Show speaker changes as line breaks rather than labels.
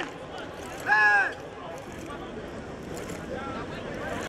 time.